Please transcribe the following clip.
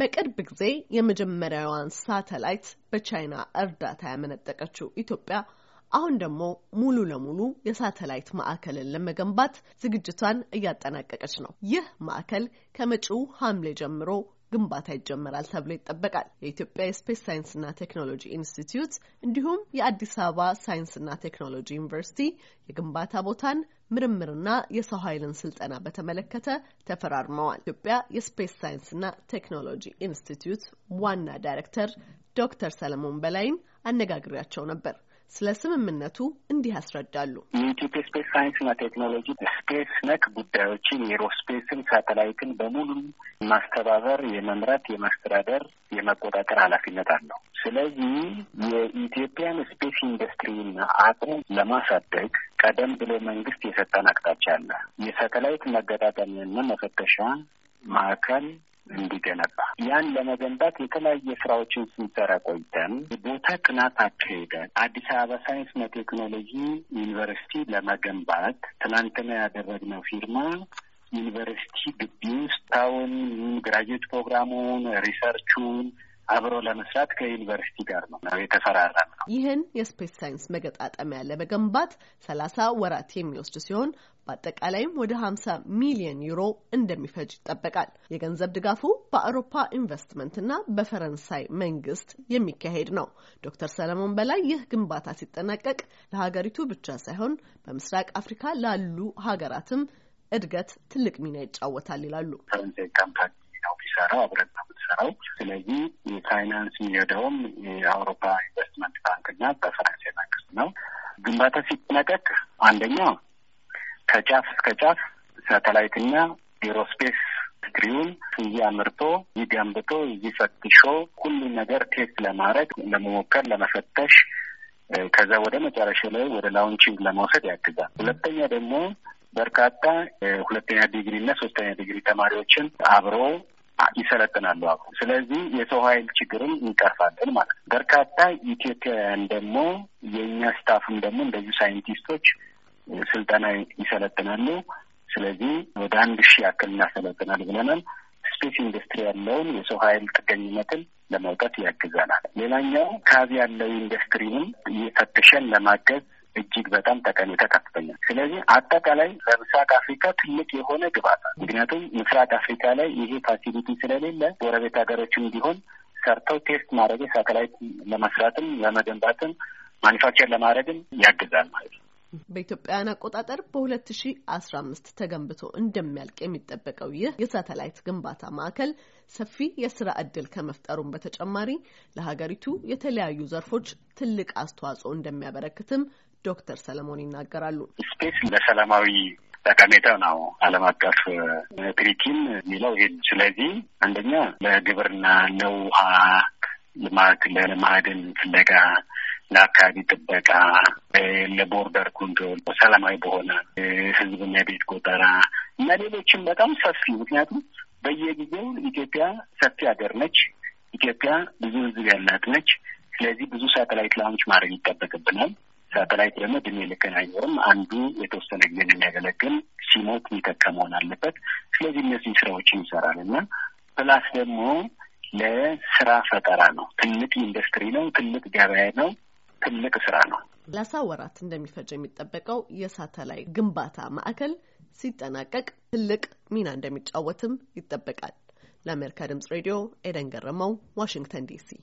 በቅርብ ጊዜ የመጀመሪያዋን ሳተላይት በቻይና እርዳታ ያመነጠቀችው ኢትዮጵያ አሁን ደግሞ ሙሉ ለሙሉ የሳተላይት ማዕከልን ለመገንባት ዝግጅቷን እያጠናቀቀች ነው። ይህ ማዕከል ከመጪው ሐምሌ ጀምሮ ግንባታ ይጀመራል ተብሎ ይጠበቃል። የኢትዮጵያ የስፔስ ሳይንስና ቴክኖሎጂ ኢንስቲትዩት እንዲሁም የአዲስ አበባ ሳይንስና ቴክኖሎጂ ዩኒቨርሲቲ የግንባታ ቦታን ምርምርና የሰው ኃይልን ስልጠና በተመለከተ ተፈራርመዋል። ኢትዮጵያ የስፔስ ሳይንስና ቴክኖሎጂ ኢንስቲትዩት ዋና ዳይሬክተር ዶክተር ሰለሞን በላይን አነጋግሬያቸው ነበር። ስለ ስምምነቱ እንዲህ ያስረዳሉ። የኢትዮጵያ ስፔስ ሳይንስና ቴክኖሎጂ ስፔስ ነክ ጉዳዮችን የኤሮስፔስን፣ ሳተላይትን በሙሉ ማስተባበር፣ የመምራት፣ የማስተዳደር፣ የመቆጣጠር ኃላፊነት አለው። ስለዚህ የኢትዮጵያን ስፔስ ኢንዱስትሪና አቅሙ ለማሳደግ ቀደም ብሎ መንግስት የሰጠን አቅጣጫ አለ። የሳተላይት መገጣጠሚያና መፈተሻ ማዕከል እንዲገነባ ያን ለመገንባት የተለያየ ስራዎችን ስንሰራ ቆይተን ቦታ ጥናት አካሄደን አዲስ አበባ ሳይንስና ቴክኖሎጂ ዩኒቨርሲቲ ለመገንባት ትናንትና ያደረግነው ፊርማ ዩኒቨርሲቲ ግቢ ውስጥ ታውን ግራጁዌት ፕሮግራሙን ሪሰርቹን አብሮ ለመስራት ከዩኒቨርሲቲ ጋር ነው የተፈራረመ ይህን የስፔስ ሳይንስ መገጣጠሚያ ለመገንባት 30 ወራት የሚወስድ ሲሆን በአጠቃላይም ወደ 50 ሚሊዮን ዩሮ እንደሚፈጅ ይጠበቃል። የገንዘብ ድጋፉ በአውሮፓ እና በፈረንሳይ መንግስት የሚካሄድ ነው። ዶክተር ሰለሞን በላይ ይህ ግንባታ ሲጠናቀቅ ለሀገሪቱ ብቻ ሳይሆን በምስራቅ አፍሪካ ላሉ ሀገራትም እድገት ትልቅ ሚና ይጫወታል ይላሉ። ፈረንሳይ ካምፓኒ ነው ቢሰራው አብረት ነው የምትሰራው። ስለዚህ የፋይናንስ የሚሄደውም የአውሮፓ ምክንያት በፈረንሳይ መንግስት ነው። ግንባታ ሲጠናቀቅ አንደኛው ከጫፍ እስከ ጫፍ ሳተላይትና ኤሮስፔስ ኢንዱስትሪውን እያምርቶ ይገንብቶ እየፈትሾ ሁሉ ነገር ቴስት ለማድረግ ለመሞከር፣ ለመፈተሽ ከዛ ወደ መጨረሻ ላይ ወደ ላውንቺንግ ለመውሰድ ያግዛል። ሁለተኛ ደግሞ በርካታ ሁለተኛ ዲግሪ እና ሶስተኛ ዲግሪ ተማሪዎችን አብሮ ይሰለጥናሉ አብሮ። ስለዚህ የሰው ኃይል ችግርን እንቀርፋለን ማለት ነው። በርካታ ኢትዮጵያውያን ደግሞ የእኛ ስታፍም ደግሞ እንደዚሁ ሳይንቲስቶች ስልጠና ይሰለጥናሉ። ስለዚህ ወደ አንድ ሺህ ያክል እናሰለጥናል ብለናል። ስፔስ ኢንዱስትሪ ያለውን የሰው ኃይል ጥገኝነትን ለመውጣት ያግዘናል። ሌላኛው ካዝ ያለው ኢንዱስትሪንም እየፈተሸን ለማገዝ እጅግ በጣም ጠቀሜታ ከፍተኛ። ስለዚህ አጠቃላይ ለምስራቅ አፍሪካ ትልቅ የሆነ ግብአት ምክንያቱም ምስራቅ አፍሪካ ላይ ይሄ ፋሲሊቲ ስለሌለ ጎረቤት ሀገሮችም ቢሆን ሰርተው ቴስት ማድረግ ሳተላይት ለመስራትም ለመገንባትም ማኒፋክቸር ለማድረግም ያግዛል ማለት ነው። በኢትዮጵያውያን አቆጣጠር በ2015 ተገንብቶ እንደሚያልቅ የሚጠበቀው ይህ የሳተላይት ግንባታ ማዕከል ሰፊ የስራ እድል ከመፍጠሩም በተጨማሪ ለሀገሪቱ የተለያዩ ዘርፎች ትልቅ አስተዋጽኦ እንደሚያበረክትም ዶክተር ሰለሞን ይናገራሉ። ስፔስ ለሰላማዊ ጠቀሜታ ነው ዓለም አቀፍ ትሪኪን የሚለው ይሄ። ስለዚህ አንደኛ ለግብርና፣ ለውሃ ልማት፣ ለማዕድን ፍለጋ ለአካባቢ ጥበቃ፣ ለቦርደር ኮንትሮል፣ ሰላማዊ በሆነ ህዝብና ቤት ቆጠራ እና ሌሎችም በጣም ሰፊ ምክንያቱም በየጊዜው ኢትዮጵያ ሰፊ ሀገር ነች። ኢትዮጵያ ብዙ ህዝብ ያላት ነች። ስለዚህ ብዙ ሳተላይት ላውንች ማድረግ ይጠበቅብናል። ሳተላይት ደግሞ እድሜ ልክን አይኖርም። አንዱ የተወሰነ ጊዜ የሚያገለግል ሲሞት የሚተካ መሆን አለበት። ስለዚህ እነዚህ ስራዎችን ይሰራል እና ፕላስ ደግሞ ለስራ ፈጠራ ነው። ትልቅ ኢንዱስትሪ ነው፣ ትልቅ ገበያ ነው፣ ትልቅ ስራ ነው። ለሳ ወራት እንደሚፈጅ የሚጠበቀው የሳተላይት ግንባታ ማዕከል ሲጠናቀቅ ትልቅ ሚና እንደሚጫወትም ይጠበቃል። ለአሜሪካ ድምጽ ሬዲዮ ኤደን ገረመው ዋሽንግተን ዲሲ